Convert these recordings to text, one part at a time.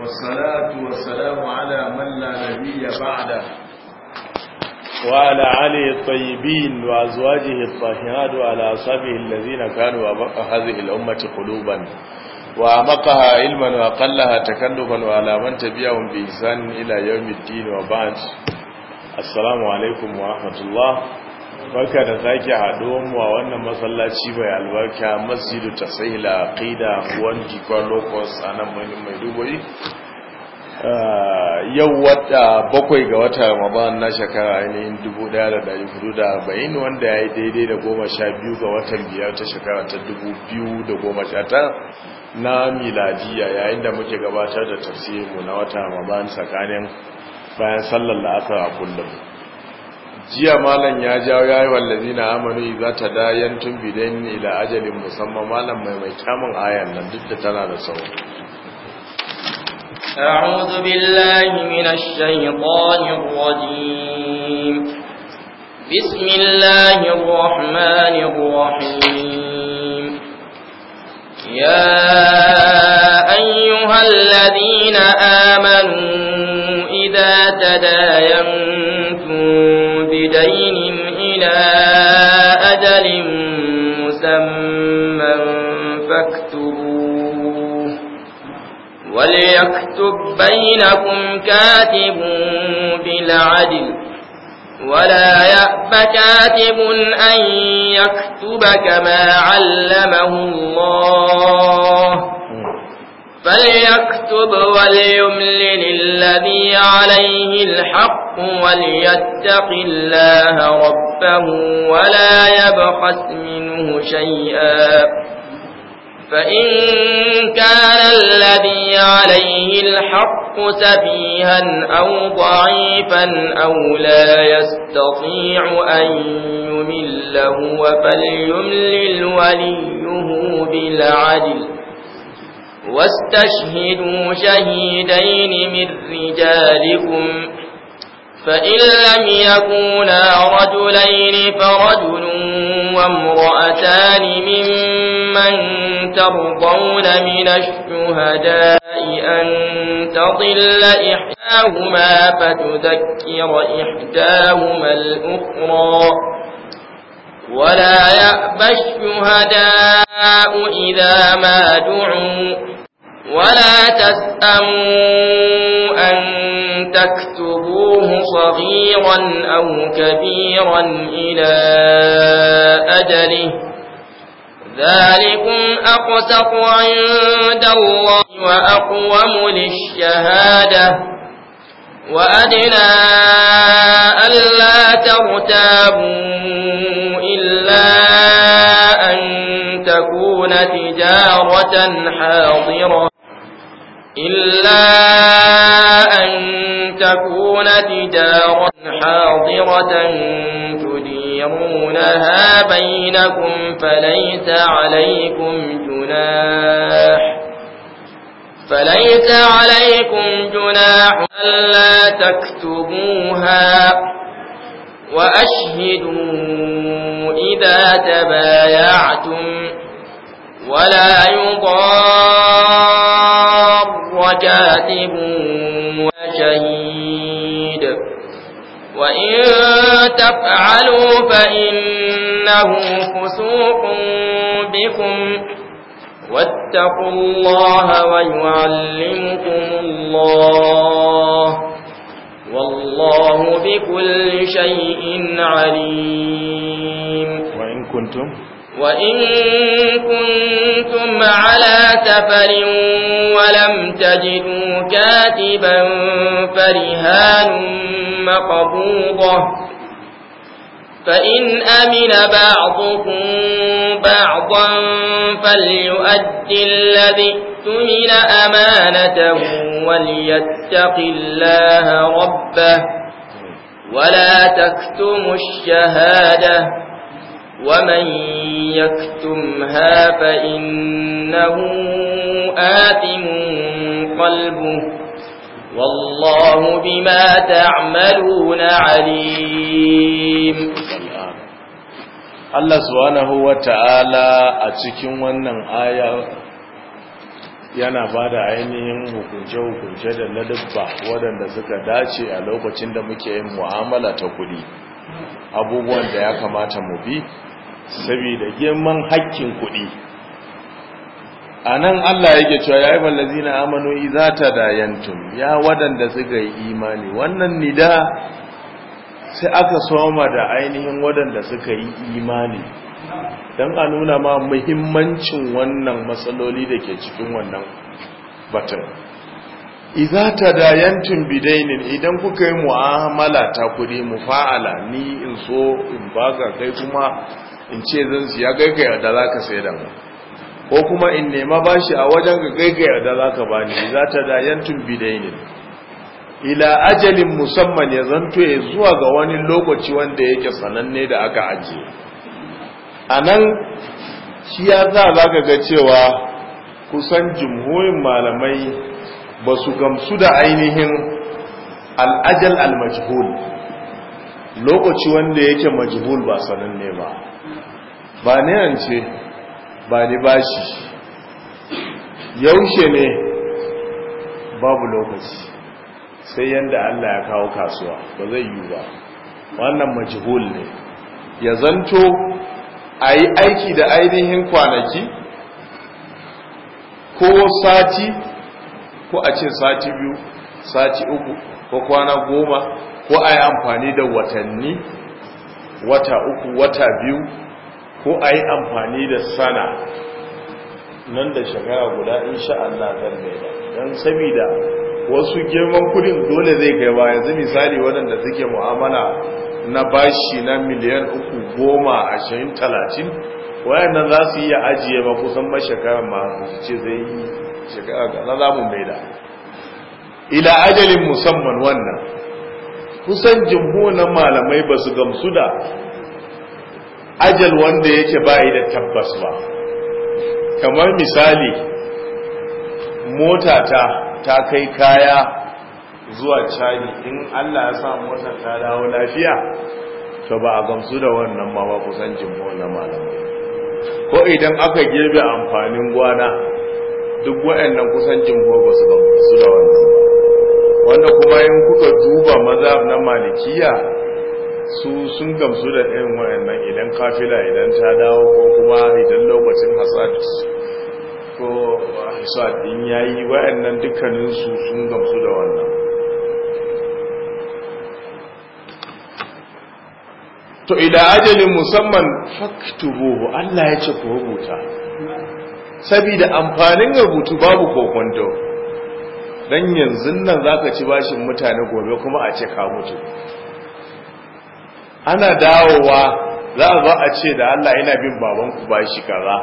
والصلاة والسلام على من لا نبي بعده وعلى علي الطيبين وأزواجه الطاهرات وعلى أصحابه الذين كانوا أبقى هذه الأمة قلوبا وأعمقها علما وأقلها تكلفا وعلى من تبعهم بإنسان إلى يوم الدين وبعد السلام عليكم ورحمة الله barka da zaki, haduwan wa wannan masallaci bai albarka masjidu tasahila aqida wan dikolokos a nan mai maiduguri ah, yau wata bakwai ga wata ramadan na shekara ainihin 1440 wanda ya yi daidai da goma sha biyu ga watan biyar ta shekara ta 2019 na miladiya yayin da muke gabatar da tafsirinmu na wata ramadan tsakanin bayan sallar la'asar a kullum jiya malam ya jawo ya yi wallazi na amanu za ta dayan tun bidan ila ajalin musamman malam mai mai kyamun ayan nan duk da tana da sau أعوذ بالله من الشيطان الرجيم بسم الله الرحمن الرحيم يا أيها الذين آمنوا إذا تداينتم بدين إلى أجل مسمى فاكتبوه وليكتب بينكم كاتب بالعدل ولا يأب كاتب أن يكتب كما علمه الله فليكتب وليملل الذي عليه الحق وليتق الله ربه ولا يبخس منه شيئا فإن كان الذي عليه الحق سفيها أو ضعيفا أو لا يستطيع أن يمله فليملل وليه بالعدل واستشهدوا شهيدين من رجالكم فإن لم يكونا رجلين فرجل وامرأتان ممن ترضون من الشهداء أن تضل إحداهما فتذكر إحداهما الأخرى ولا يأبى الشهداء إذا ما دعوا ولا تسأموا أن تكتبوه صغيرا أو كبيرا إلى أجله ذلكم أقسط عند الله وأقوم للشهادة وأدنى ألا ترتابوا إلا أن تكون تجارة حاضرة إلا أن تكون تجارا حاضرة تديرونها بينكم فليس عليكم جناح فليس عليكم جناح ألا تكتبوها وأشهدوا إذا تبايعتم ولا يضار كاتب وشهيد وإن تفعلوا فإنه فسوق بكم واتقوا الله ويعلمكم الله والله بكل شيء عليم وإن كنتم وإن كنتم على سفر ولم تجدوا كاتبا فرهان مقبوضة فإن أمن بعضكم بعضا فليؤدي الذي اؤتمن أمانته وليتق الله ربه ولا تكتموا الشهاده ومن يكتمها فإنه آثم قلبه والله بما تعملون عليم Allah subhanahu wa ta'ala a cikin wannan aya yana ba da ainihin hukunce-hukunce da ladabba waɗanda suka dace a lokacin da muke yin mu'amala ta kuɗi. abubuwan da ya kamata mu bi saboda girman hakkin kuɗi a nan Allah yake cewa ya yi ballazi na amano iza ta dayantum ya waɗanda suka yi imani wannan nida sai aka soma da ainihin waɗanda suka yi imani don a nuna ma muhimmancin wannan matsaloli da ke cikin wannan batun idza tadayantum bidainin idan kuka yi mu'amala ta kudi fa'ala ni in so in baka kai kuma in ce zan siya kai kai da zaka sai da mu ko kuma in nema bashi a wajen ka kai kai da zaka bani idza tadayantum bidainin ila ajalin musamman ya zanto ya zuwa ga wani lokaci wanda yake sananne da aka ajiye anan shi ya za zaka ga cewa kusan jumhurin malamai ba su gamsu da ainihin al'ajal al-majhul lokaci wanda yake majhul ba sananne ba ba ne ce, ba ni bashi yaushe ne babu lokaci sai yadda Allah ya kawo kasuwa ba zai yi ba wannan majhul ne ya zanto a yi aiki da ainihin kwanaki ko sati ko a ce sati biyu sati uku ko kwana goma ko a yi amfani da watanni wata uku wata biyu ko a yi amfani da sana nan da shekara guda in sha'allah zan daida don sabida wasu girman kudin dole zai kai ba yanzu misali waɗanda suke mu'amala na bashi na miliyan uku goma ashirin talatin wayannan za su iya ajiye ba kusan mashakarar ma su ce zai yi shekara maida ila ajalin musamman wannan kusan jimhunan malamai ba su gamsu da ajal wanda yake bayi da tabbas ba kamar misali mota ta ta kai kaya zuwa cani in allah ya sa mota ta dawo lafiya to ba a gamsu da wannan ma ba kusan jimhunan malamai ko idan aka girbe amfanin gwana duk wayannan kusan jumhur ba su gamsu da wannan wanda kuma in kuka duba maza na malikiya su sun gamsu da irin wayannan idan kafila idan ta dawo ko kuma idan lokacin hasad ko hasad din yayi waɗannan dukkanin su sun gamsu da wannan to ila ajalin musamman faktubuhu Allah ya ce ku rubuta saboda amfanin rubutu babu kokonto dan yanzu nan zaka ci bashin mutane gobe kuma a ce ka mutu ana dawowa za a ba a ce da Allah yana bin baban ku bashi kaza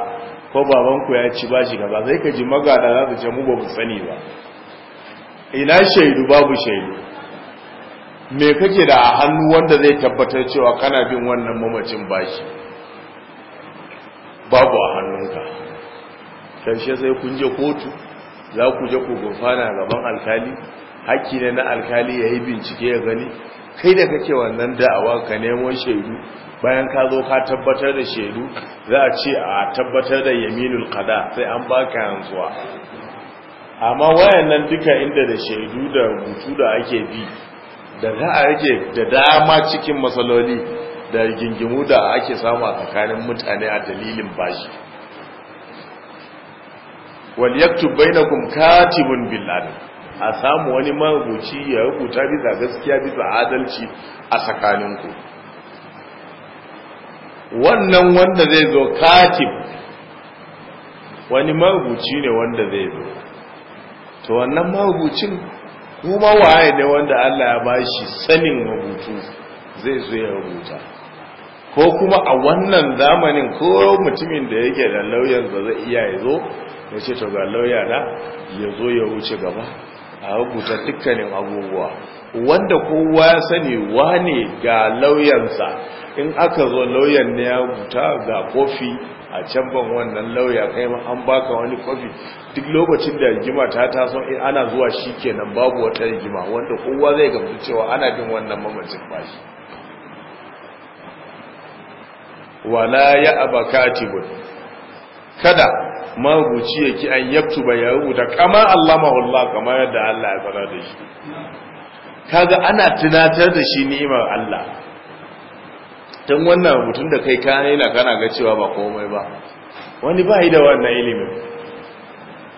ko babanku ya ci bashi kaza sai ka ji magana za su ce mu ba mu sani ba ina shaidu babu shaidu me kake da a hannu wanda zai tabbatar cewa kana bin wannan mamacin bashi babu a hannunka karshe sai kun je kotu za ku je ku gurfana gaban alkali hakki ne na alkali ya yi bincike ya gani kai da kake wannan da'awa ka nemo shaidu bayan ka zo ka tabbatar da shaidu za a ce a tabbatar da yaminul qada sai an ba baka yanzuwa amma wayannan duka inda da shaidu da rubutu da ake bi da za a rage da dama cikin matsaloli da gingimu da ake samu a tsakanin mutane a dalilin bashi wal yaktub bainakum katibun bil a samu wani marubuci ya rubuta bisa gaskiya bisa adalci a tsakaninku wannan wanda zai zo katib wani marubuci ne wanda zai zo to wannan marubucin kuma waye ne wanda Allah ya bashi sanin rubutu zai zo ya rubuta ko kuma a wannan zamanin ko mutumin da yake da lauyan ba zai iya ya zo ya ce to ga lauya na ya zo ya wuce gaba a rubuta dukkanin abubuwa wanda kowa ya sani wane ga lauyansa in aka zo lauyan ne ya rubuta ga kofi a can ban wannan lauya kai ma an baka wani kofi duk lokacin da rigima ta taso in eh, ana zuwa shi kenan babu wata rigima wanda kowa zai gamsu cewa ana bin wannan mamacin bashi wala ya abakati kada marubuci yake an ba ya rubuta kamar Allah mahullah kamar yadda Allah ya fara da shi kaga ana tunatar da shi ni'imar Allah tun wannan rubutun da kai ka raina kana ga cewa ba komai ba wani ba yi da wannan ilimin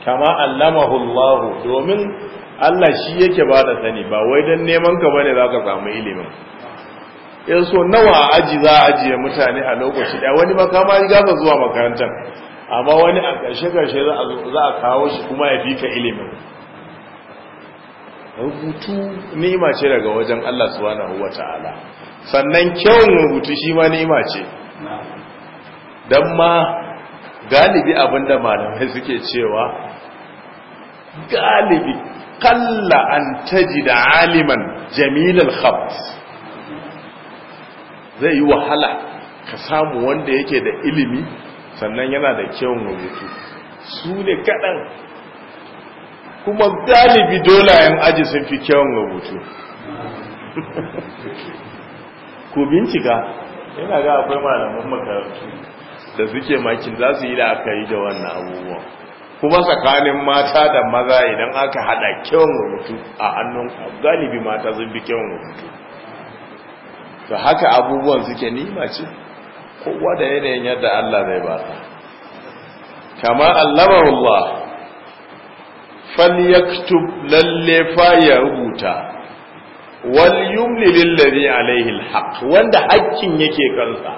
kama allamahu Allah domin Allah shi yake ba da sani ba wai dan neman ka bane zaka samu ilimin yanzu nawa aji za a ajiye mutane a lokaci da wani makama riga ka zuwa makarantar amma wani a ƙarshe-ƙarshe za a kawo shi kuma ya fi ka ilimin rubutu ni'ima ce daga wajen Allah subhanahu ta'ala sannan kyawun rubutu shi ma ni'ima ce don ma galibi abinda malamai suke cewa galibi kalla an taji da aliman jamilal khabt zai yi wahala ka samu wanda yake da ilimi sannan yana da mu mutu su ne kaɗan kuma galibi dolayen aji sun fi kyau mu mutu ku bincika yana ga akwai malaman makarantu da suke makin za su yi da aka yi da wannan abubuwa kuma tsakanin mata da maza idan aka haɗa mu mutu a hannun galibi mata sun fi kyau mu mutu to haka abubuwan suke nima ce kowa da yanayin yadda Allah zai ba kama allamahullah fal yaktub lalle fa ya rubuta wal yumli lillazi alaihi alhaq wanda hakkin yake kansa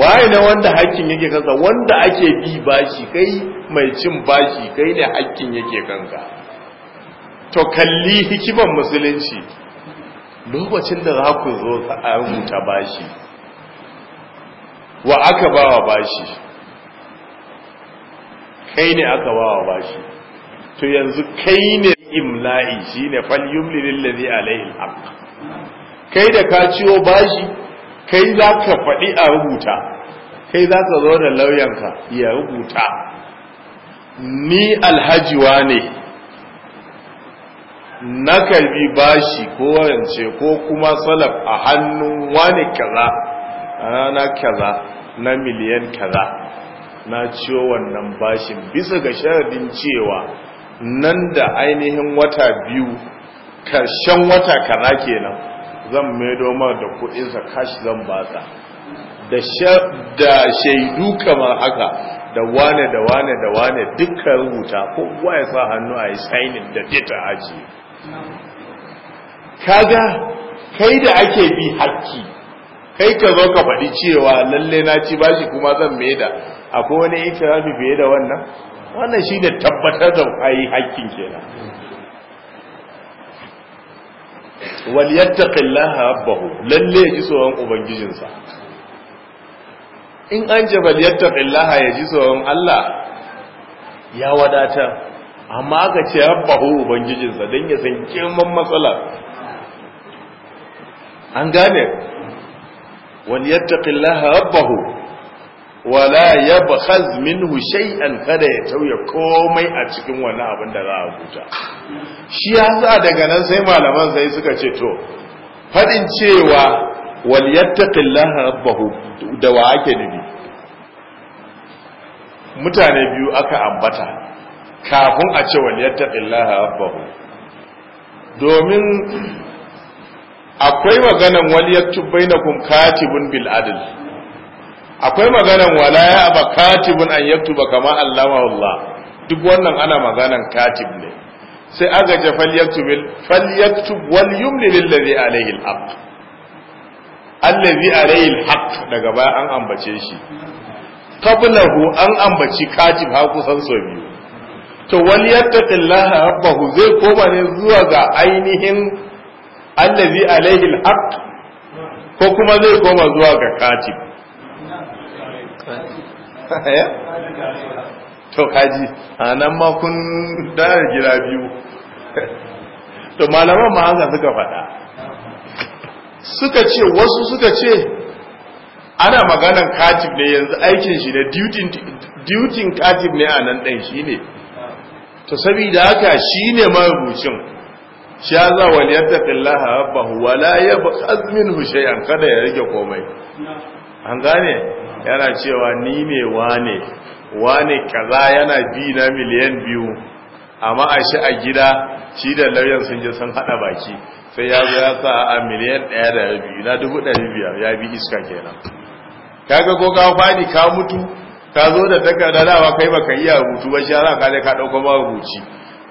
waye ne wanda hakkin yake kansa wanda ake bi bashi kai mai cin bashi kai ne hakkin yake kanka to kalli hikiman musulunci lokacin da za ku zo a rubuta bashi wa aka bawa bashi kai ne aka bawa bashi to yanzu kai ne imla'i shine falyumli lillazi alaihi alhaq kai da ka ciwo bashi kai za ka faɗi a rubuta kai za ka zo da lauyanka ya rubuta ni alhajiwa ne na karbi bashi ko rance ko kuma salaf a hannun wani kaza a rana kaza na miliyan kaza na ciwo wannan bashin bisa ga sharadin cewa nan da ainihin wata biyu karshen wata kaza kenan zan maido mar da kuɗinsa kashi zan basa. da shaidu kamar haka da wane da wane da wane dukkan rubuta ko ya sa hannu a yi signing da data ajiye kaga kai da ake bi hakki kai ka zo ka faɗi cewa lalle na ci bashi kuma zan mai da akwai wani ikirafi fiye da wannan wannan shi ne tabbatar da yi haƙƙin kenan wal yattaqillaha rabbahu lalle ya ji tsoron ubangijinsa in an ce bal yattaqillaha ya ji tsoron Allah ya wadata amma aka ce rabbahu ubangijinsa don ya san girman matsala an gane وليتق الله ربه ولا يبخل منه شيئا kada ya tauye komai a cikin wani abin da za a huta shi ya sa daga nan sai malaman sai suka ce to fadin cewa wal yattaqillaha rabbahu da wa ake nufi mutane biyu aka ambata kafin a ce wal yattaqillaha rabbahu domin akwai maganan wal yaktub bainakum katibun bil adl akwai maganan wala ya aba katibun an yaktuba kama Allah wa Allah duk wannan ana maganan katib ne sai aga ja fal yaktub fal yaktub wal yumli lil ladhi alayhi al haqq alladhi alayhi al haqq daga baya an ambace shi qablahu an ambaci katib ha kusan so biyu to wal yattaqillaha rabbahu zai koma ne zuwa ga ainihin allazi alaihi alhaq ko kuma zai koma zuwa ga kaji eh? to kaji a nan ma kun da gida biyu to malaman ma haka suka faɗa suka ce wasu suka ce ana maganan katib ne yanzu aikin shi ne dutin katib ne a nan ɗan shi ne to saboda haka shi ne marubucin sha za wal yattaqillaha rabbahu wa la yabkhaz minhu shay'an kada ya rike komai an gane yana cewa ni ne wane wane kaza yana bi na miliyan biyu amma a shi a gida shi da lauyan sun je sun hada baki sai ya zo ya sa a miliyan 1 da rabi na dubu 1500 ya bi iska kenan kaga ko ka fadi ka mutu ka zo da takarda dawa kai baka iya rubutu ba shi ya ka ka dauko ma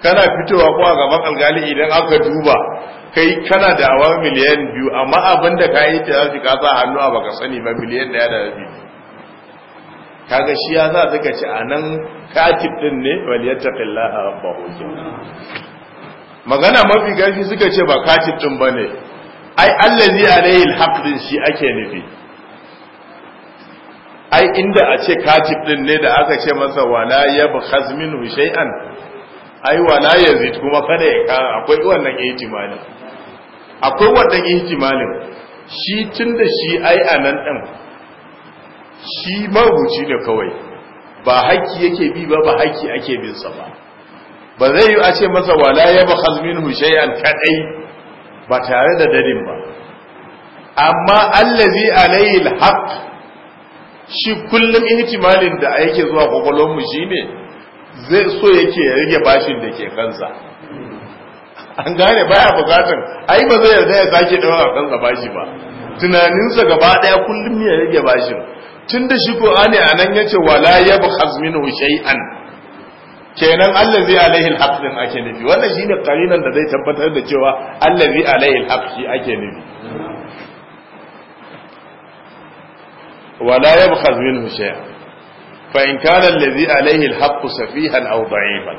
kana fitowa ko a gaban algali idan aka duba kai kana da awa miliyan biyu amma abin da ka yi ta ka sa hannu a baka sani ba miliyan daya da rabi kaga shi ya za ta ci a nan katib din ne waliyattaqillaha rabbahu magana mafi gafi suka ce ba katib din bane ai allazi alayhi alhaq din shi ake nufi ai inda a ce katib din ne da aka ce masa wala yabkhaz minhu shay'an ai wala yazid kuma kada ya kara akwai wannan ihtimali akwai wannan ihtimalin shi tunda shi ai anan din shi marubuci ne kawai ba haƙƙi yake bi ba ba haƙƙi ake bin sa ba ba zai yi a ce masa wala ya ba hazmin hushayan kadai ba tare da dadin ba amma allazi alayhi alhaq shi kullum ihtimalin da yake zuwa kwakwalwar mu shine zai so yake ya rage bashin da ke kansa an gane baya bukatan ai ba zai yarda ya sake a kansa bashi ba tunaninsa gaba daya kullum ya rage bashin tunda shi Qur'ani anan yace wala yabkhaz minhu shay'an kenan allazi alaihi alhaq din ake nufi wannan shine qarinan da zai tabbatar da cewa allazi alaihi alhaq shi ake nufi wala yabkhaz minhu shay'an fa in kana allazi alaihi alhaq safihan aw da'ifan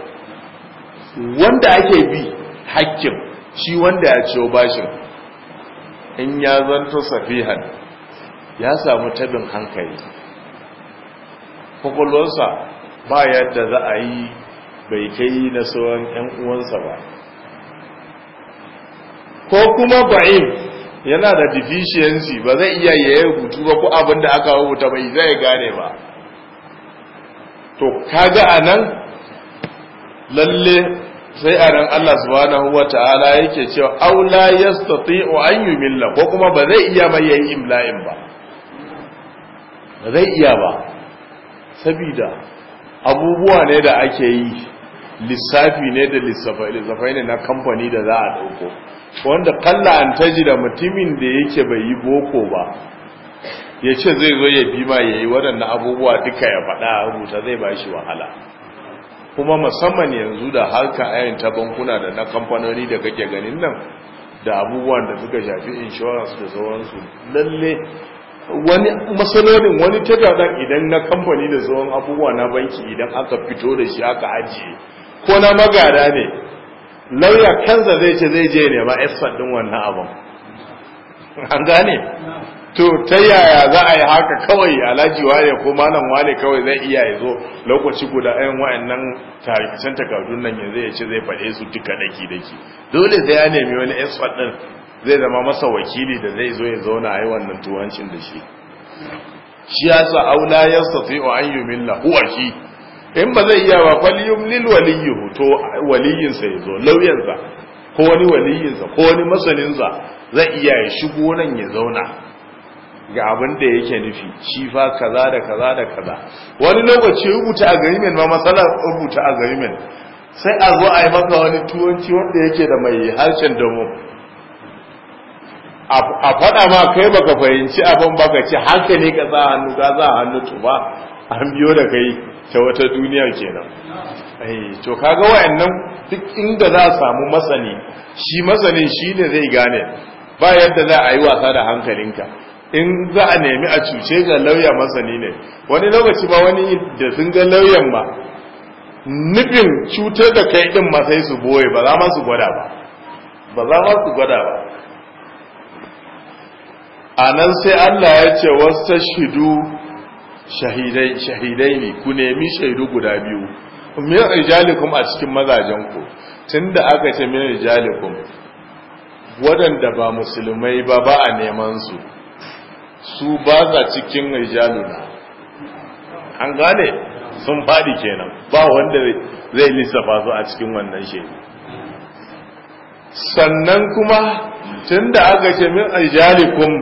wanda ake bi hakkin shi wanda ya ciyo bashin in ya zanto safihan ya samu tabin hankali kwakwalwarsa ba yadda za a yi bai kai na sauran 'yan uwansa ba ko kuma ba'in yana da deficiency ba zai iya yaya rubutu ba ko abin da aka rubuta bai zai gane ba to kaga nan lalle sai a nan Allah subhanahu ta'ala yake cewa aw la yastati'u an yumilla ko kuma ba zai iya mai imla'in ba ba zai iya ba sabida abubuwa ne da ake yi lissafi ne da lissafai ne na kamfani da za a dauko wanda kalla an taji da mutumin da yake bai yi boko ba ya ce zai zo ya bi ma ya waɗannan abubuwa duka ya faɗa rubuta zai ba shi wahala kuma musamman yanzu da harka ayin ta bankuna da na kamfanoni da kake ganin nan da abubuwan da suka shafi insurance da sauransu lalle wani masalolin wani tagadan idan na kamfani da sauran abubuwa na banki idan aka fito da shi aka ajiye ko na magada ne lauya kansa zai ce zai je nema expert din wannan abin an gane to ta yaya za a yi haka kawai alhaji ware ko malam ware kawai zai iya ya zo lokaci guda wa'in wa'annan tarikacin takardun nan yanzu ya ce zai faɗe su duka daki daki dole sai ya nemi wani expert ɗin zai zama masa wakili da zai zo ya zauna a yi wannan tuwancin da shi shi ya sa aula ya safi wa an yi milla in ba zai iya ba faliyum lil waliyyi to waliyinsa ya zo lauyansa ko wani waliyinsa ko wani masaninsa zai iya ya shigo nan ya zauna ga abin da yake nufi shi fa kaza da kaza da kaza wani lokaci rubuta agreement ma masala rubuta agreement sai a zo a yi maka wani tuwanci wanda yake da mai harshen damo a faɗa ma kai baka fahimci abin baka ci haka ne ka za hannu ka za hannu ba an biyo da kai ta wata duniya kenan ai eh, to kaga wayannan duk inda za a samu masani shi masanin ne zai gane ba yadda za a yi wasa da hankalinka in za a nemi a cuce ga lauya masani ne wani lokaci ba wani da sun ga lauyan ba nufin cutar da kai din ma sai su boye ba za ma su gwada ba ba za ma su gwada ba a nan sai Allah ya ce wasu shidu shahidai ne ku nemi shaidu guda biyu min rijalikum a cikin mazajen ku tunda aka ce min rijalikum waɗanda ba musulmai ba ba a neman su su ba za cikin rijaluna an gane sun faɗi kenan ba wanda zai lissafa su a cikin wannan shaidu sannan kuma tun da aka ce min aljalikun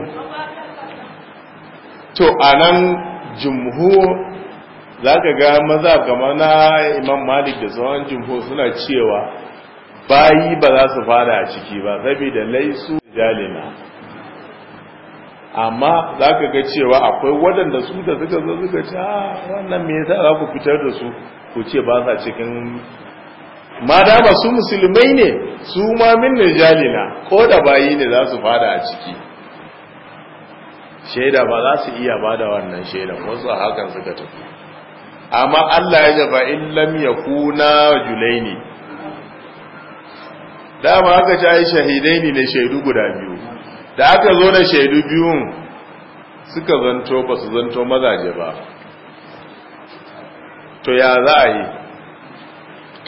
to anan jumhu, za ka ga maza kamar na imam malik da tsawon jumhu suna cewa bayi ba za su fada a ciki ba saboda laisu jalina amma za ka ga cewa akwai waɗanda su da suka zo suka ce ah, wannan me yasa za ku fitar da su ku ce ba sa cikin ma dama su musulmai ne su ma min jalina, ko da bayi ne za su fada a ciki shaida ba za su iya ba da wannan ko wasu a hakan suka tafi amma Allah ya jaba in lam kuna julaini dama aka ci ai shahidai ne shaidu guda biyu da aka zo da shaidu biyun suka zanto ba su zanto mazaje ba to ya za a yi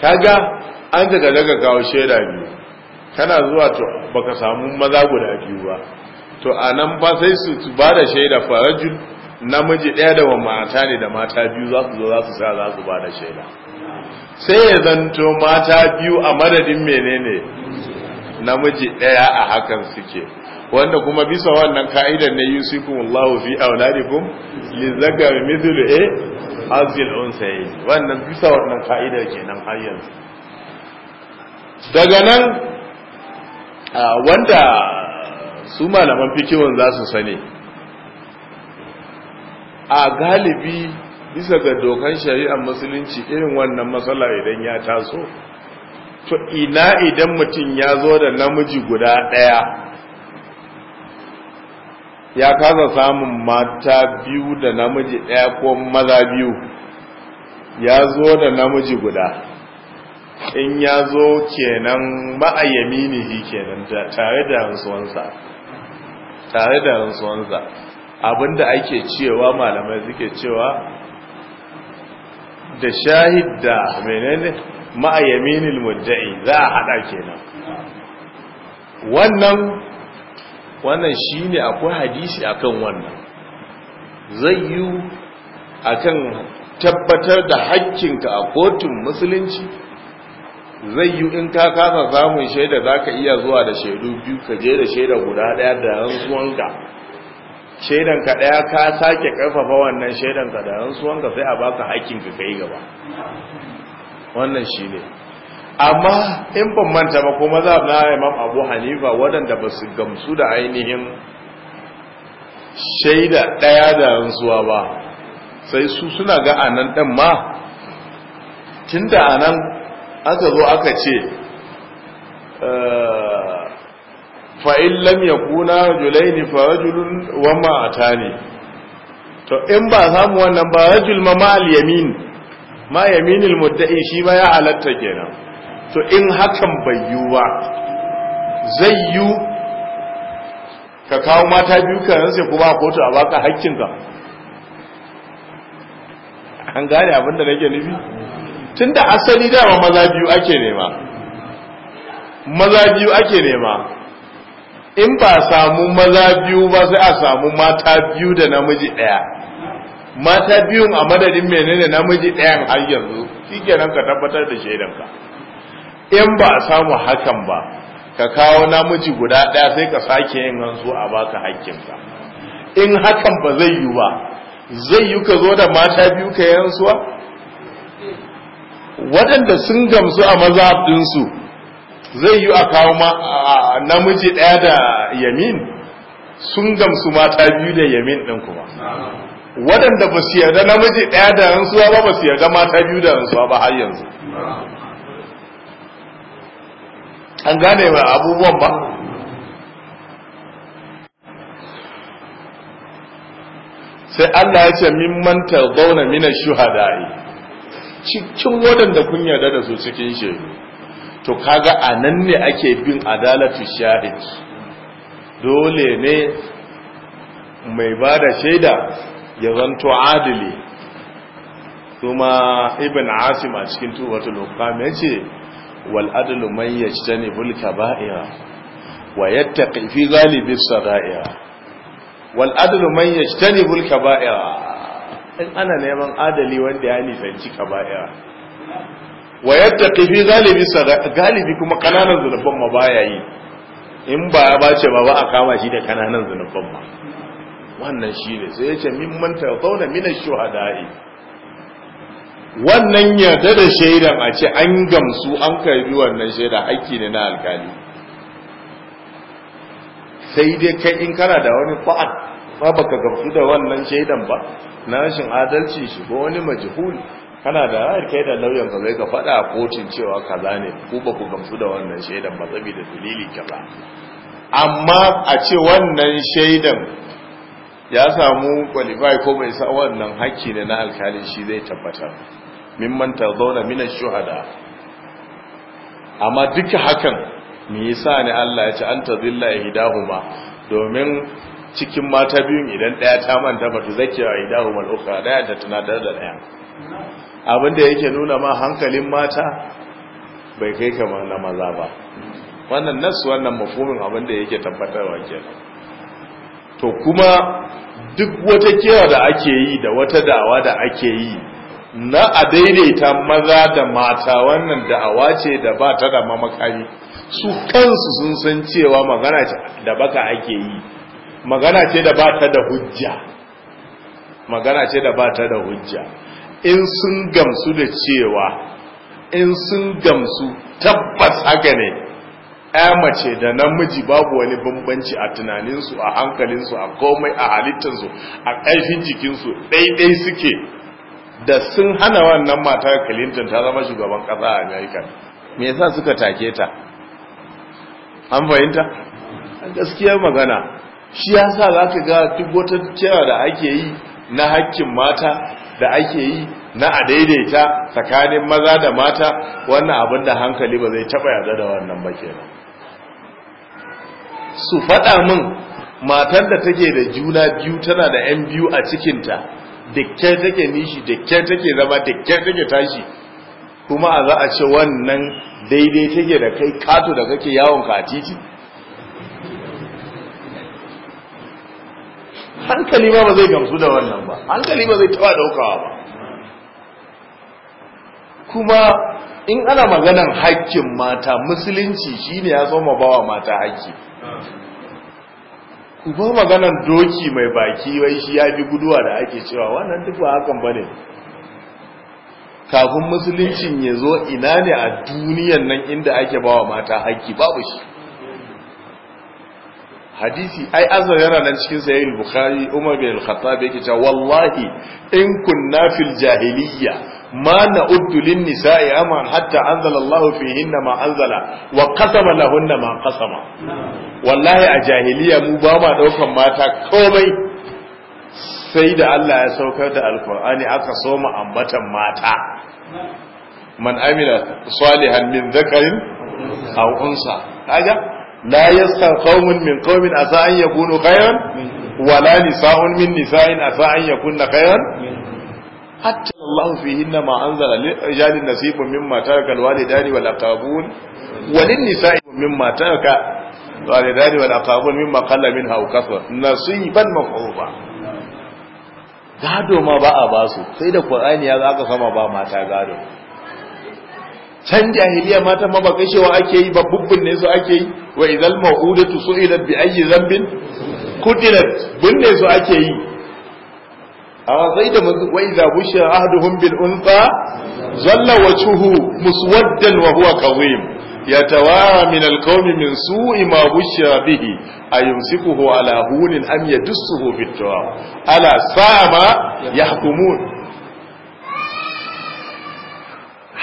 kaga an daga daga kawo shaida biyu kana zuwa to baka samu maza guda biyu ba to a nan ba sai su ba da shaida farajin namiji ɗaya da mata ne da mata biyu za su zo za su sa za su ba da shaida sai ya zanto mata biyu a madadin menene namiji ɗaya a hakan suke wanda kuma bisa wannan ka'idar na ne Allah fi auladikum lizakari mithlu a eh, hazil unsayi eh. wannan bisa wannan ka'idar kenan har yanzu daga nan wanda su malaman fikihun za su sani a galibi bisa ga dokan shari'ar musulunci irin wannan matsala idan ya taso to ina idan mutum ya zo da namiji guda ɗaya ya kasa samun mata biyu da namiji ɗaya ko maza biyu ya zo da namiji guda in ya zo kenan ma'ayyami ne kenan tare da rantsuwansa tare da rantsuwansa abinda ake cewa malamai suke cewa da shahid da menene ma'ayyami mudda'i za a hada kenan wannan wannan shi ne akwai hadisi akan wannan zai yi akan tabbatar da hakkinka a kotun musulunci zai yi in ka kasa samun shaida za ka iya zuwa da shaidu biyu ka je da shaida guda ɗaya da rantsuwanka shaidanka ɗaya ka sake ƙarfafa wannan shaidanka da rantsuwanka sai a baka hakkinka kai gaba wannan shi ne amma in ban manta ba kuma za na imam abu hanifa waɗanda ba su gamsu da ainihin shaida ɗaya da rantsuwa ba sai su suna ga anan ɗin ma tun da anan aka zo aka ce eh, fa’il lam ya kuna julaini fara wamma a ta ne to in ba samu wannan ba rajul ma ma'al yamin ma yaminil mudda'in shi ba ya halatta kenan to in hakan bai yiwu ba zai yiwu ka kawo mata biyu ka yanzu kuma ba kotu a baka ka. an gane abin da nake nufi Tunda asali dama maza biyu ake nema maza biyu ake nema in ba samu maza biyu ba sai a samu mata biyu da namiji ɗaya mata biyun a madadin menene namiji ɗayan har yanzu shi kenan ka tabbatar da shaidanka in ba a samu hakan ba ka kawo namiji guda ɗaya sai ka sake yin hanzu a baka hakkinka in hakan ba zai yi ba zai yi ka zo da mata biyu ka yansuwa waɗanda sun gamsu a mazaɓinsu zai yi a kawo namiji ɗaya da yamin sun gamsu mata biyu da yamin ɗin kuma waɗanda ba su yarda namiji ɗaya da yansuwa ba ba su yarda mata biyu da yansuwa ba har yanzu an gane ba abubuwan ba sai Allah ya ce min manta zauna mina shuhada'i cikin waɗanda kun yarda da su cikin shehu to kaga a nan ne ake bin adalatu shahid dole ne mai ba da shaida ya zanto adili kuma ibn asim a cikin tubatul ya ce wal adlu man yajtanibu al kaba'ira wa yattaqi fi ghalibi as-saga'ira wal adlu man in ana neman adali wanda ya nisanci kaba'ira wa yattaqi fi ghalibi galibi kuma kananan zulubban ma baya yi in ba ya bace ba ba a kama shi da kananan zulubban ma wannan shine sai yace mimman tawzauna min ash-shuhada'i wannan yarda da shaidan a ce an gamsu an karbi wannan shaida haƙƙi ne na alkali sai dai kai in kana da wani fa'ad ba baka gamsu da wannan shaidan ba na rashin adalci shi ko wani majhul kana da ra'ayar kai da lauyan ka zai ka faɗa a kotun cewa kaza ne ko ba ku gamsu da wannan shaidan ba saboda dalili kaza amma a ce wannan shaidan ya samu qualify ko bai sa wannan hakki ne na alkali shi zai tabbatar mimman tarzauna min ash-shuhada amma duka hakan me yasa ne Allah ya ce anta zilla ihdahuma domin cikin mata biyun idan daya ta manta ba zaki zakiya ihdahuma al-ukhra daya ta tunadar da daya abinda yake nuna ma hankalin mata bai kai kamar na maza ba wannan nas wannan mafhumin abinda yake tabbatarwa kenan to kuma duk wata kewa da ake yi da wata dawa da ake yi na a daidaita maza da mata wannan da'awa ce da ba ta da mamakari su kansu sun san cewa magana ce da baka ake yi magana ce da ba ta da hujja magana ce da ba ta da hujja in sun gamsu da cewa in sun gamsu tabbas haka ne ya mace da namiji babu wani bambanci a tunaninsu a hankalinsu a komai a halittarsu a ƙarfin jikinsu ɗaiɗai suke da sun hana wannan mata Clinton ta zama shugaban kasa a Amerika. me yasa suka take ta an fahimta gaskiyar magana shi yasa zaka ga duk wata cewa da ake yi na hakkin mata da ake yi na a daidaita tsakanin maza da mata wannan abin da hankali ba zai taba yarda da wannan ba kenan su faɗa min matan da take da juna biyu tana da 'yan biyu a cikin ta. da ke take nishi da ke take zama da ke take tashi kuma a za a ce wannan daidai take da kai kato da kake yawon ka a titi hankali ba ba zai gamsu da wannan ba hankali ba zai taba daukawa ba kuma in ana maganan haƙƙin mata musulunci shine ya zama bawa mata haƙƙi ko maganar doki mai baki wai shi ya fi guduwa da ake cewa wannan duk ba hakan ba ne kafin musuluncin ya zo ina ne a duniyan nan inda ake bawa mata haƙƙi babu shi hadisi ai azar yana nan cikin sayi bukhari umar bin al-khattab yake cewa wallahi in kunna fil jahiliyya ma na'uddu lin nisa'i aman hatta anzala Allah fihinna ma anzala wa qasama lahunna ma qasama wallahi a jahiliya mu ba ma daukan mata komai sai da Allah ya saukar da alqur'ani aka soma ambatan mata man amila salihan min dhakarin aw unsa kaga la yasqa qaumun min qaumin asa an yakunu khayran wala an hatta Allah fi hinna ma anzala rijalin nasibun mimma taraka alwalidani wal aqabun walin nisa'i mimma taraka alwalidani wal aqabun mimma qalla minha aw kathura nasiban mafruba gado ma ba a basu sai da qur'ani ya zaka sama ba mata gado can jahiliya mata ma ba kashewa ake yi ba bubbun ne su ake yi wa idal ma'udatu su'ilat bi ayyi dhanbin qutilat bunne su ake yi أرضيت وإذا بشر أحدهم بالأنثى ظل وجهه مسودا وهو كظيم يتوارى من القوم من سوء ما بشر به أيمسكه على هون أم يدسه في التراب ألا ساء ما يحكمون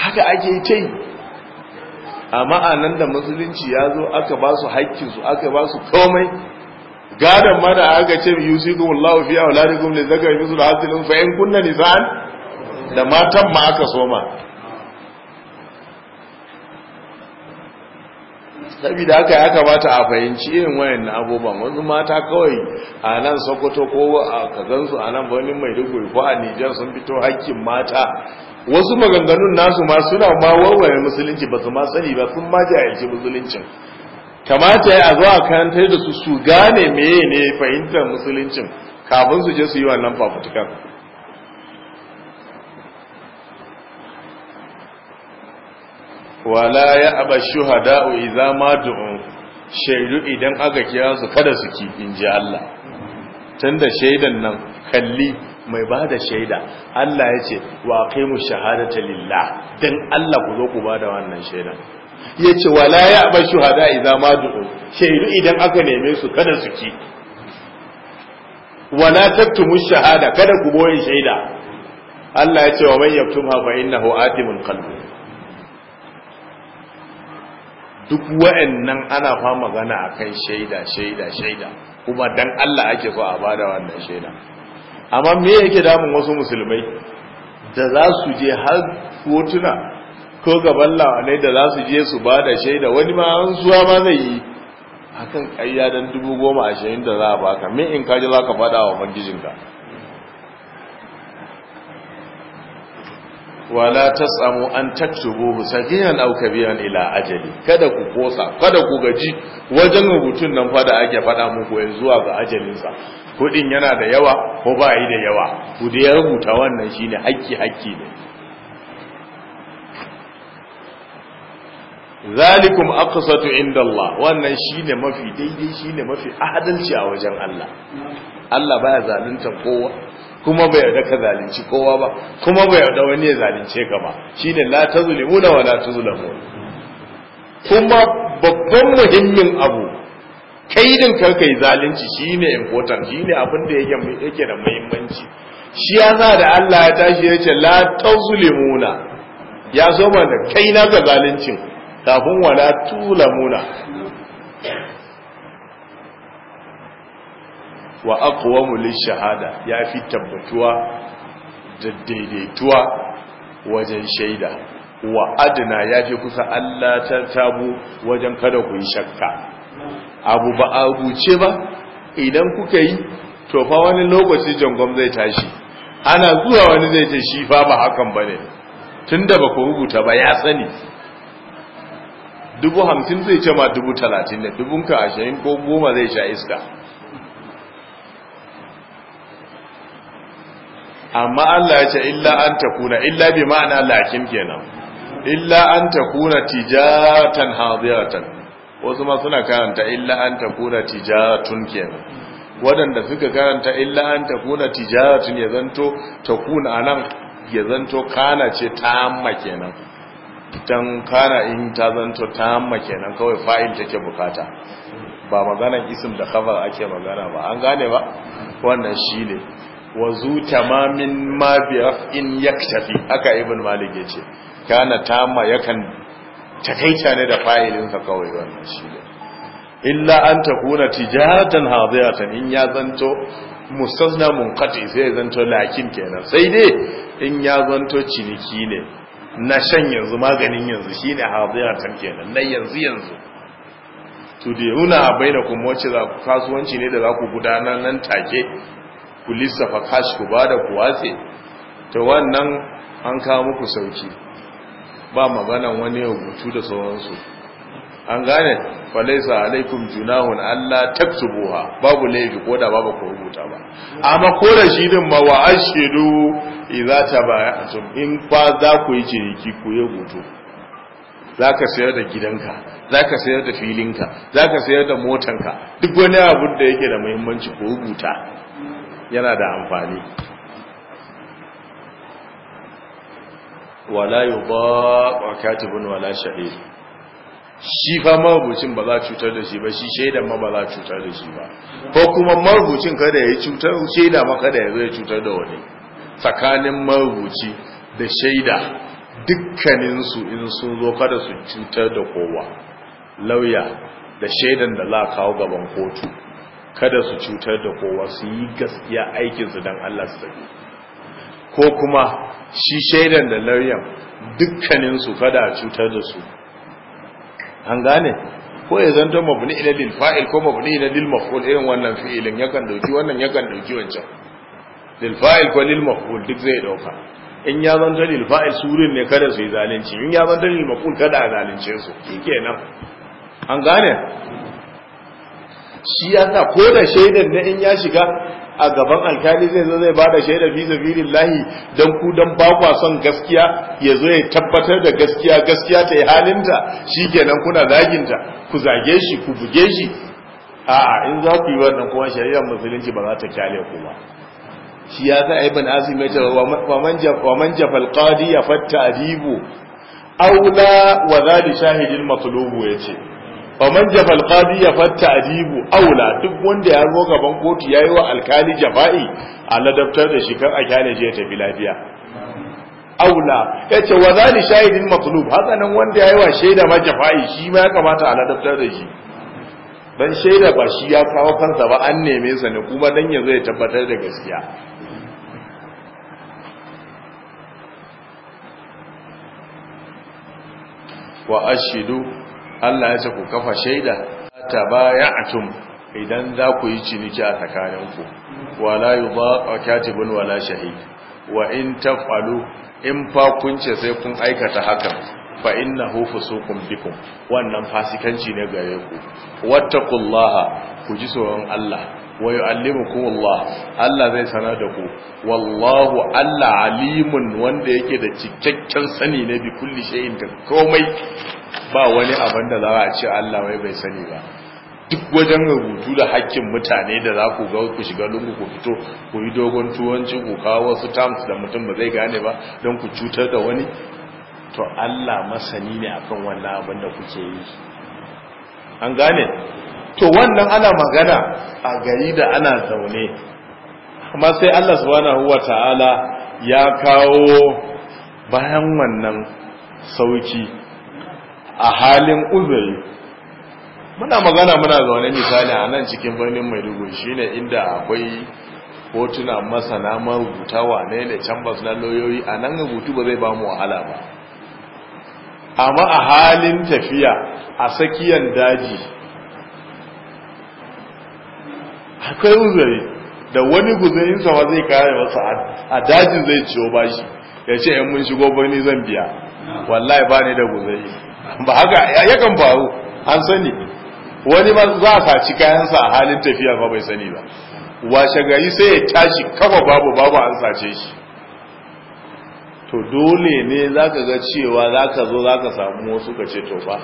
haka ake tai a ma'anan da musulunci ya zo aka ba su haƙƙinsu aka ba su komai gadon mana aka ce yusikum Allahu fi auladikum li zakari mithlu hadhihi al fa in kunna nisan da matan ma aka soma saboda aka ya kamata a fahimci irin wayannan abubuwan wasu mata kawai a nan Sokoto ko a kazansu a nan birnin Maiduguri ko a Nijar sun fito hakkin mata wasu maganganun nasu ma suna ma wawaye musulunci ba su ma sani ba sun ma jahilci musuluncin kamata ya zo a karantar da su su gane meye ne fahimtar musuluncin kafin su je su yi wannan fafutukan wala ya aba shuhada'u idza ma du'un shaidu idan aka kira su kada su ki inji Allah tunda shaidan nan kalli mai ba da shaida Allah ya ce wa aqimu shahadata lillah dan Allah ku zo ku ba da wannan shaidan yace wala ya ba hada idan ma du'u shaidu idan aka neme su kada su wa la taktumu shahada kada ku boye shaida Allah ya ce wa man yaktumha fa innahu atimun qalbi duk wa'annan ana fa magana akan shaida shaida shaida kuma dan Allah ake so a bada wannan shaida amma me yake damun wasu musulmai da za su je har hotuna ko gaban lawanai da za su je su ba da shaida wani ma an zuwa ma zai yi akan ƙarya don dubu goma ashirin da za a baka min in kaji za ka faɗa wa ka. wala ta samu an taktubu sajiyan au biyan ila ajali kada ku kosa kada ku gaji wajen rubutun nan fa da ake faɗa muku yanzu zuwa ga ajalinsa kuɗin yana da yawa ko ba yi da yawa ku da ya rubuta wannan shi ne hakki hakki ne zalikum aqsatu inda Allah wannan shine mafi daidai shine mafi adalci a wajen Allah Allah baya zalunta kowa kuma bai yarda ka zalunci kowa ba kuma bai yarda wani ya zalunce ka ba shine la tazlimuna wa la tuzlamu kuma babban muhimmin abu kai kaidin karkai zalunci shine important shine abin da yake yake da muhimmanci shi ya za da Allah ya tashi ya ce la tazlimuna ya zo da kai na ga zaluncin kafin wala muna wa aqwamu shahada ya fi tabbatuwa da daidaituwa wajen shaida wa adna ya fi kusa Allah ta tabu wajen kada ku yi shakka abu ba a ba idan kuka yi to fa wani lokaci jangon zai tashi ana zuwa wani zai ce shi fa ba hakan bane tunda ba ku rubuta ba ya sani dubu hamsin zai ce ma dubu talatin da dubun ka ashirin ko goma zai sha iska amma Allah ya ce illa an kuna, illa bi ma'ana lakin kenan illa an kuna tijatan hadiratan wasu ma suna karanta illa an kuna tijatun kenan wadanda suka karanta illa an kuna tijatun ya zanto takuna nan, ya zanto kana ce tamma kenan don kana in ta zanto ta hamma kenan kawai fa'il take bukata ba maganan isim da khabar ake magana ba an gane ba wannan shi ne wa tamamin ma in yaktafi aka ibn malik ce. kana ta tamma yakan takaita ne da fa'ilin kawai wannan shi ne illa an kuna tijaratan haziyatan in ya zanto mustasna kati sai zanto lakin kenan sai dai in ya zanto ciniki ne na shan yanzu maganin yanzu shine hadiratan kenan na yanzu yanzu to da yuna kuma wacce za ku kasuwanci ne da za ku gudanar nan take ku lissafa kashi ku ba da watse Ta wannan an kawo muku sauki ba maganan wani rubutu da sauransu an gane falaisa alaikum junahun Allah taktubuha babu laifi ko da babu ko rubuta ba amma ko da shi din ma wa ashidu idza tabayatum in ba za ku yi ciniki ku yi hutu zaka sayar da gidanka zaka sayar da filinka zaka sayar da motanka duk wani abu da yake da muhimmanci ko rubuta yana da amfani wala yubaq katibun wala shahid shi fa marubucin ba za cutar da shi ba shi shaidan ma ba za cutar da shi ba ko kuma marubucin kada ya cutar shaida ma kada ya zai cutar da wani tsakanin marubuci da shaida dukkaninsu in sun zo kada su cutar da kowa lauya da shaidan da za a kawo gaban kotu kada su cutar da kowa su yi gaskiya aikinsu don allah su ko kuma shi shaidan da lauyan dukkaninsu kada a cutar da su an gane ko ya zanto mabni ila lil fa'il ko mabni ila lil maf'ul irin wannan fi'ilin yakan dauki wannan yakan dauki wancan lil fa'il ko lil maf'ul duk zai dauka in ya zanto lil fa'il surin ne kada su yi zalunci in ya zanto lil maf'ul kada a zalunce su kenan an gane shi yasa ko da shaidan na in ya shiga a gaban alkali zai zo zai bada shaida fi sabilillahi don ku don ba kwa son gaskiya ya zo ya tabbatar da gaskiya gaskiya ta yi halinta Shi shikenan kuna zaginta ku zage shi ku buge shi a'a in za ku yi wannan kuma shari'ar musulunci ba za ta kyale ku ba shi ya sa ibn asim ya ce wa man jafa alqadi ya fatta adibu aula wa zali shahidil matlubu ce. fa man jafal ya fatta adibu aula duk wanda ya zo gaban kotu yayi wa alkali jafa'i a ladabtar da shi kan a kyale je ya tafi lafiya aula yace wa zali shahidin maqlub haka nan wanda yayi wa shaida ma jafa'i shi ma ya kamata a ladabtar da shi dan shaida ba shi ya kawo kansa ba an neme sa ne kuma dan yanzu ya tabbatar da gaskiya wa ashidu Allah ya ce ku kafa shaida baya a tun. idan za ku yi ciniki a tsakaninku wala yudha katibun wala shahid wa in taf'alu in fa kunce sai kun aikata hakan fa innahu fusukum bikum wannan fasikanci ne gare ku wattaqullaha ku ji tsoron Allah wa yu'allimukum Allah Allah zai sanar da ku wallahu Allah alimun wanda yake da cikakken sani ne bi kulli shay'in da komai ba wani abin da za a ce Allah wai bai sani ba duk wajen rubutu da hakkin mutane da za ku ga ku shiga lungu ku fito ku yi dogon tuwanci ku kawo wasu terms da mutum ba zai gane ba don ku cutar da wani to Allah masani ne akan wannan abin da kuke yi an gane to wannan ana magana a gari da ana zaune amma sai Allah subhanahu ta'ala ya kawo bayan wannan sauki a halin uzuri muna magana muna zaune misali a nan cikin birnin maiduguri shine inda akwai hotuna masana marubuta wane ne ba na lauyoyi a nan rubutu ba zai ba mu wahala ba amma a halin tafiya a tsakiyar daji akwai uzuri da wani guzarin sama zai kare masa a dajin zai ciyo bashi ya ce yan mun shigo birni zan biya wallahi ba ne da guzari ba haka yakan faru an sani wani ba za a saci kayansa a halin tafiya ba bai sani ba washe gari sai ya tashi kafa babu babu an sace shi to dole ne za ka ga cewa za ka zo za ka samu wasu ka ce to ba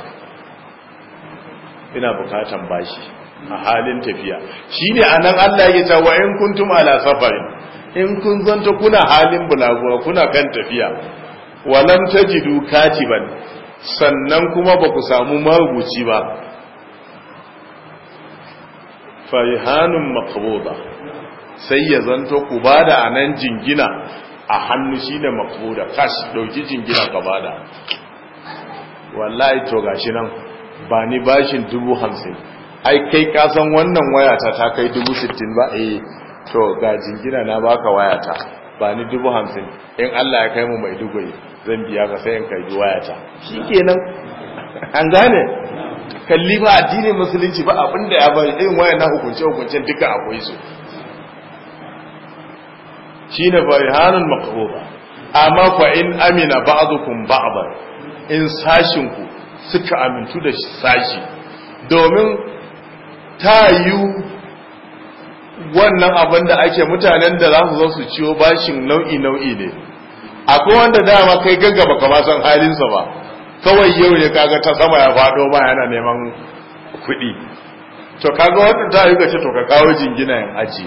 ina bukatan bashi a halin tafiya shi ne a nan allah ya ta wa in kuntum ala safarin in kun zanta kuna halin bulaguwa kuna kan tafiya walam tajidu katiban sannan kuma ba ku samu marubuci ba farihanun makaboda sai ya zanto ku ba da a nan jingina a hannu shi ne makaboda kash dauki jingina ka ba da wallahi to gashi nan ba ni bashin dubu hamsin ai kai kasan wannan wayata ta kai dubu sittin ba eh to ga jingina na baka wayata ba ni dubu hamsin in allah ya kai mu mai dugoyi zan biya ka sai in karbi wayata kenan an gane kalli ba addinin musulunci ba abinda ya bari irin na hukunce hukunce duka akwai su shine makaro ba. amma kwa in amina ba a bar in sashinku ku suka amintu da sashi domin ta yi wannan abin da ake mutanen da za su zo su ciwo bashin nau'i nau'i ne akwai wanda dama kai gaggaba kama san halinsa ba kawai yau ne kaga ta sama ya fado ba yana neman kuɗi to kaga wannan ta yi gace to ka kawo jingina yin aji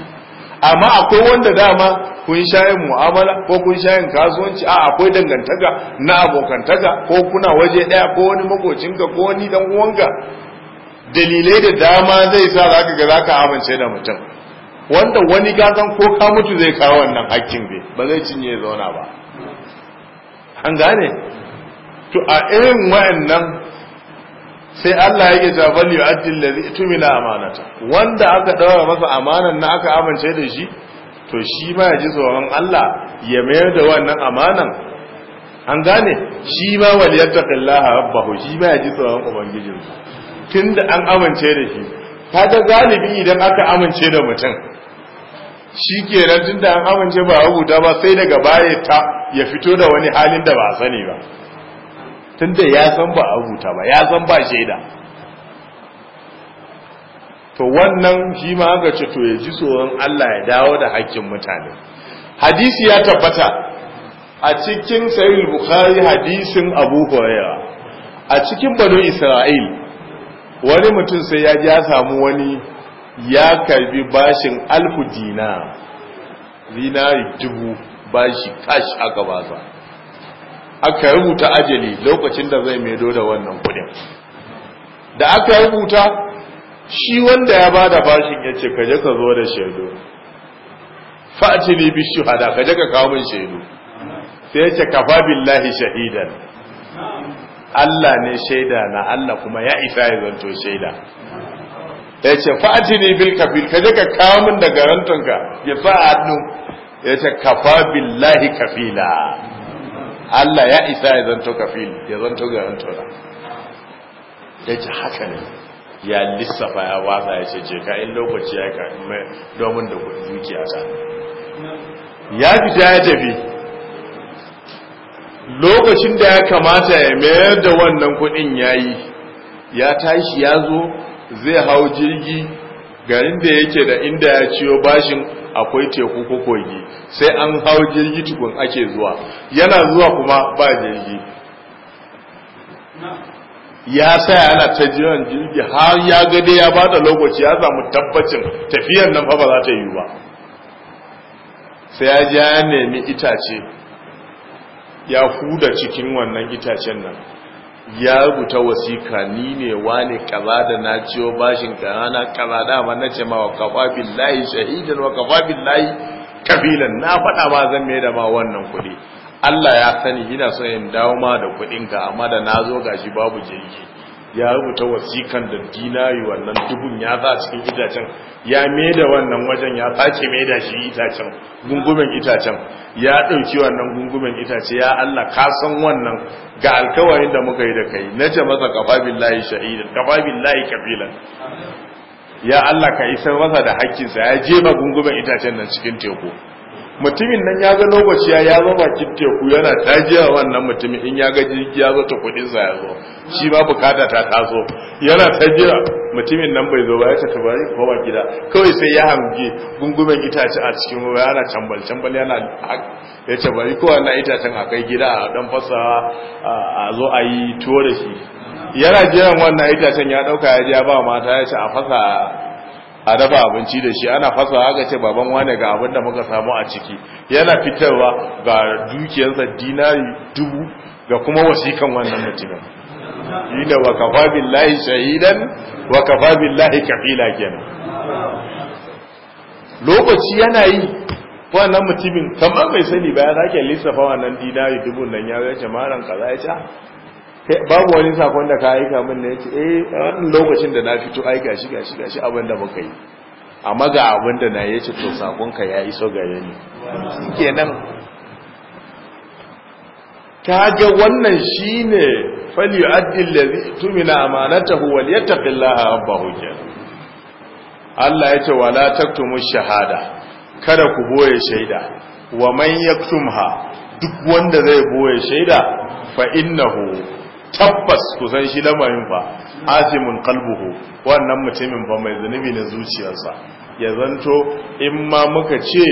amma akwai wanda dama kun shayin mu'amala ko kun shayin kasuwanci a akwai dangantaka na abokantaka ko kuna waje ɗaya ko wani makocinka ko wani dan uwanka dalilai da dama zai sa za ga za amince da mutum wanda wani gasan ko ka mutu zai kawo wannan hakkin bai ba zai cinye zauna ba an gane to a irin wa'annan sai Allah yake ta bal yu'addi allazi tumina amanata wanda aka daura masa amanan na aka amince da shi to shi ma ya ji tsoron Allah ya mayar da wannan amanan an gane shi ma wal yattaqillaha rabbahu shi ma ya ji tsoron ubangijinsa tunda an amince da shi kaga galibi idan aka amince da mutum shi ke nan tun da an amince ba a rubuta ba sai daga baya ta ya fito da wani halin da ba a sani ba tun da ya san ba a rubuta ba ya san ba shaida to wannan shi ma aka ce to ya ji tsoron Allah ya dawo da hakkin mutane hadisi ya tabbata a cikin sahih bukhari hadisin abu hurairah a cikin banu isra'il wani mutum sai ya ji ya samu wani ya karbi bashin alfu dina zinari dubu bashi kash aka baza. aka rubuta ajali lokacin da zai maido da wannan kudin da aka rubuta shi wanda ya bada bashin ya ce kaje ka zo da shaidu ni bi shuhada kaje ka kawo min shaidu sai ya ce kafa billahi shahidan Allah ne shaida na Allah kuma ya isa ya zanto shaida ya ce fa’aji ne bil kafil ka je ka kawo min da garantunka ya sa hannu ya ce kafa billahi kafila Allah ya isa ya zanto kafil ya zanto garantuna ya ce haka ne ya lissafa ya watsa ya ce ce ka’in in lokaci ya ka domin da dukiya ta ya fita ya tafi lokacin da ya kamata ya mayar da wannan kudin yi ya tashi ya zo zai hau jirgi garin da yake da inda ya ciyo bashin akwai teku ko kogi sai an hau jirgi tukun ake zuwa yana zuwa kuma ba jirgi ya saya ana ta jiran jirgi har ya gade ya bada lokaci ya samu tabbacin tafiyar nan fa ba za ta yi ba sai ya ji ya nemi itace ya huda cikin wannan itacen nan ya rubuta wasiƙa ni ne wane kaza da na ciwo bashin kana kaza da ma nace ma wa kafa billahi shahidan wa kafa billahi kabilan na faɗa ma zan mai da ma wannan kuɗi Allah ya sani ina son in dawo ma da kuɗinka amma da nazo gashi babu jirgi ya rubuta wasikan da dinari wannan dubun ya za cikin itacen ya da wannan wajen ya sake maida shi itacen gungumen itacen ya ɗauki wannan gungumen itace ya Allah ka san wannan ga alkawarin da muka yi da kai na ce masa kafa billahi shahidan kafa billahi kabilan ya Allah ka isar masa da hakkinsa ya jefa gungumen itacen nan cikin teku mutumin nan ya ga lokaci ya zo bakin teku yana tajiya wannan mutumin in ya ga jirgi ya zo ta kudin sa ya zo shi ba bukata ta taso yana tajiya mutumin nan bai zo ba ya tafi bari ko ba gida kawai sai ya hange gungumen itace a cikin ruwa yana cambal cambal yana ya ce bari ko wannan itacen a gida a dan fasa a zo a yi tuwo da shi yana jiran wannan itacen ya dauka ya ba mata ya ce a fasa a dafa abinci da shi ana fasa aka ce baban wane ga abin da muka samu a ciki yana fitarwa ga dukiyarsa dinari dubu ga kuma wasikan wannan mutumin yi da wakafa billahi shahidan wakafa billahi kafila kenan lokaci yana yi wannan mutumin kamar mai sani bayan ya lissafa wannan dinari dubu nan ya ce maran kaza ya ce babu wani sakon da ka aika min da yace eh wannan lokacin da na fito ai gashi gashi gashi abin da muka yi amma ga abin da na yace to sakon ka ya iso gare ni kenan kaga wannan shine falyu'addi allazi tumina amanatahu wal yattaqillaha rabbahu Allah yace wala taktumu shahada kada ku boye shaida wa man yaktumha duk wanda zai boye shaida fa innahu tabbas ku san shi lamarin fa azimun qalbuhu wannan mutumin ba mai zunubi ne zuciyarsa ya zanto in ma muka ce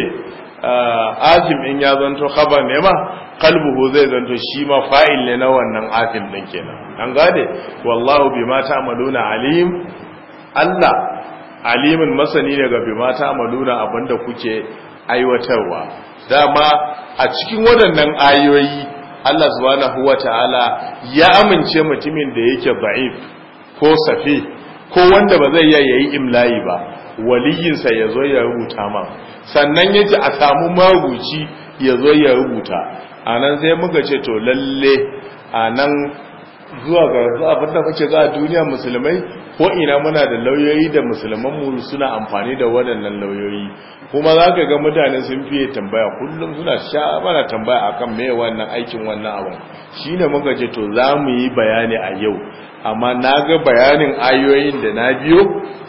azim in ya zanto khaba ne ma qalbuhu zai zanto shi ma fa'il ne na wannan azim din kenan an gade wallahu bima ta'maluna alim Allah alimin masani ne ga bima ta'maluna abinda kuke aiwatarwa dama a cikin waɗannan ayoyi Allah subhanahu wa ta'ala ya amince mutumin da yake ba'if ko safi ko wanda ba zai iya yi imlayi ba waliyinsa ya zo ya rubuta ma sannan ya a samu marubuci ya zo ya rubuta a nan sai muka ce to lalle a nan zuwa ga yanzu abinda muke ga a duniya musulmai ko ina muna da lauyoyi da musulman mu suna amfani da waɗannan lauyoyi kuma za ka ga mutane sun fiye tambaya kullum suna sha mana tambaya akan me wannan aikin wannan abin shine ne muka ce to za mu yi bayani a yau amma na ga bayanin ayoyin da na biyo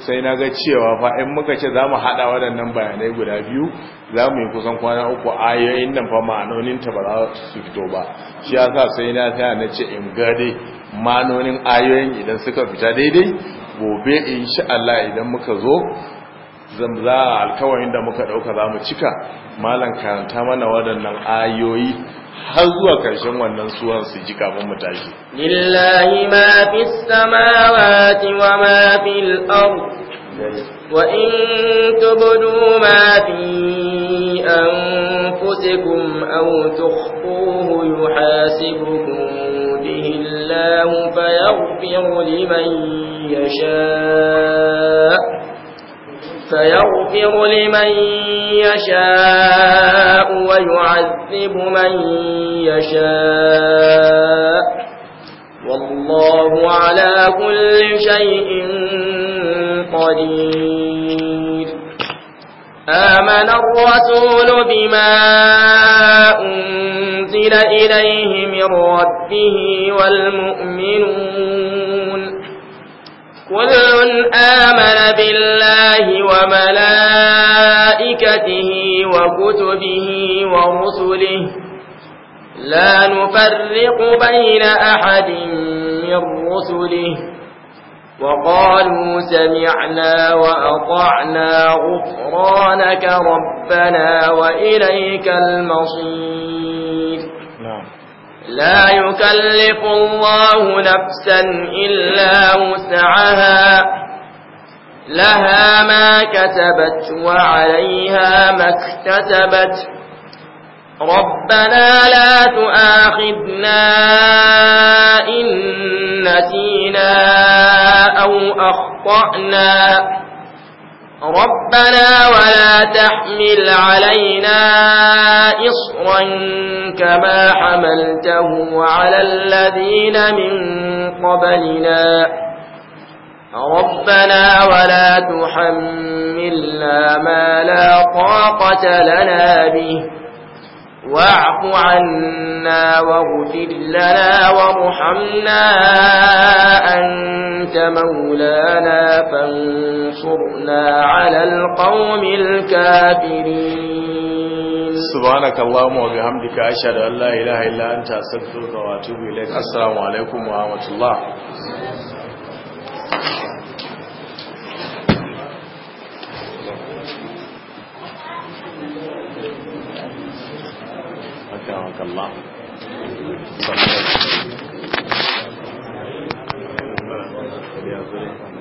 sai na ga cewa fa in muka ce za mu haɗa waɗannan bayanai guda biyu za mu yi kusan kwana uku ayoyin nan fa ma'anoninta ba za su fito ba shi ya sa sai na taya na ce in gade ma'anonin ayoyin idan suka fita daidai gobe in sha Allah idan muka zo za a alkawarin da muka ɗauka za mu cika malam karanta mana waɗannan ayoyi har zuwa karshen wannan suwan su ji kafin mu tashi lillahi ma fi samawati wa ma fil ard wa in tubdu ma fi anfusikum aw tukhfuhu yuhasibukum bihi Allah fayaghfiru liman yasha' فيغفر لمن يشاء ويعذب من يشاء والله على كل شيء قدير آمن الرسول بما أنزل إليه من ربه والمؤمنون قل من آمن بالله وملائكته وكتبه ورسله لا نفرق بين أحد من رسله وقالوا سمعنا وأطعنا غفرانك ربنا وإليك المصير نعم لا يكلف الله نفسا إلا وسعها لها ما كتبت وعليها ما اكتسبت ربنا لا تؤاخذنا إن نسينا أو أخطأنا ربنا ولا تحمل علينا إصرا كما حملته على الذين من قبلنا ربنا ولا تحملنا ما لا طاقة لنا به واعف عنا واغفر لنا وارحمنا أنت مولانا فانصرنا على القوم الكافرين سبحانك اللهم وبحمدك أشهد أن لا إله إلا أنت أستغفرك وأتوب إليك السلام عليكم ورحمة الله أكرمك الله صحيح.